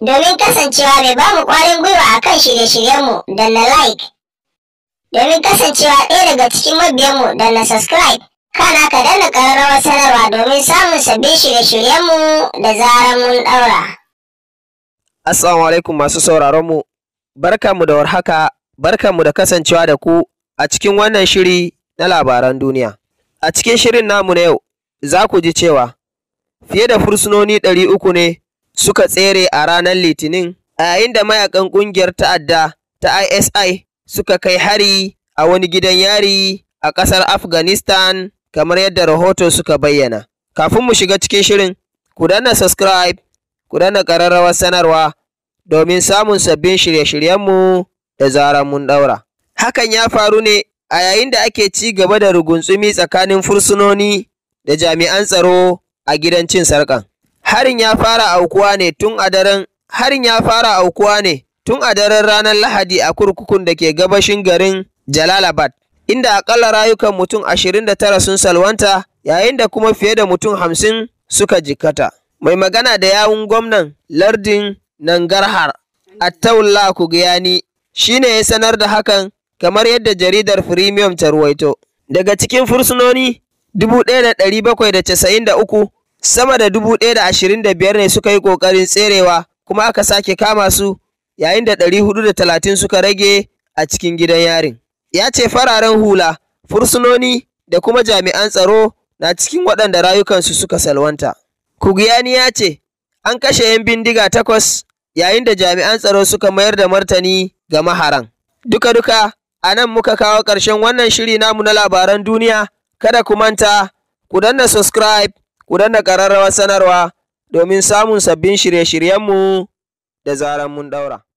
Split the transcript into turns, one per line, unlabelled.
domin kasancewa mai bamu kwarin gwiwa a kan shirye-shiryenmu da na like domin kasancewa ɗaya daga cikin mabiyanmu da na subscribe kana ka danna ƙararrawar sanarwa domin samun sabbin shirye-shiryenmu da zarar mun ɗaura.
Assalamu alaikum masu sauraronmu, barka mu da warhaka, barka mu da kasancewa da ku a cikin wannan shiri na labaran duniya. A cikin shirin namu na yau, za ku ji cewa fiye da fursunoni ɗari uku ne suka tsere a ranar Litinin, a yayin da mayakan ƙungiyar ta'adda ta ISI suka kai hari a wani gidan yari a ƙasar Afghanistan kamar yadda rahoto suka bayyana. Kafin mu shiga cikin shirin, ku danna subscribe, ku danna ƙararrawar sanarwa domin samun sabbin shirye-shiryenmu da zarar mun ɗaura. Hakan ya faru ne a yayin da ake ci gaba da rugunzumi tsakanin fursunoni da jami'an tsaro a gidan cin sarƙan. Harin ya fara aukuwa ne tun a daren Harin ya fara aukuwa ne tun a daren ranar Lahadi a kurkukun da ke gabashin garin Jalalabad, inda akalla rayukan mutum 29 sun salwanta yayin da kuma fiye da mutum hamsin suka jikkata. Mai magana da yawun gwamnan lardin Nangarhar, Attaullah Kugiyani, shi ne ya sanar da hakan kamar yadda jaridar Premium ta ruwaito. Daga cikin fursunoni 1793 Sama da dubu ɗaya da ashirin da biyar ne suka yi ƙoƙarin tserewa kuma aka sake kama su yayin da ɗari hudu da talatin suka rage a cikin gidan yarin. Ya ce fararen hula, fursunoni da kuma jami'an tsaro na cikin waɗanda rayukansu suka salwanta. Kugiyani ya ce an kashe 'yan bindiga takwas yayin da jami'an tsaro suka mayar da martani ga maharan. Duka-duka a nan muka kawo ƙarshen wannan shiri namu na labaran duniya, kada ku manta, ku danna subscribe ku danna ƙararrawar sanarwa domin samun sabbin shirye-shiryenmu da zaran mun ɗaura.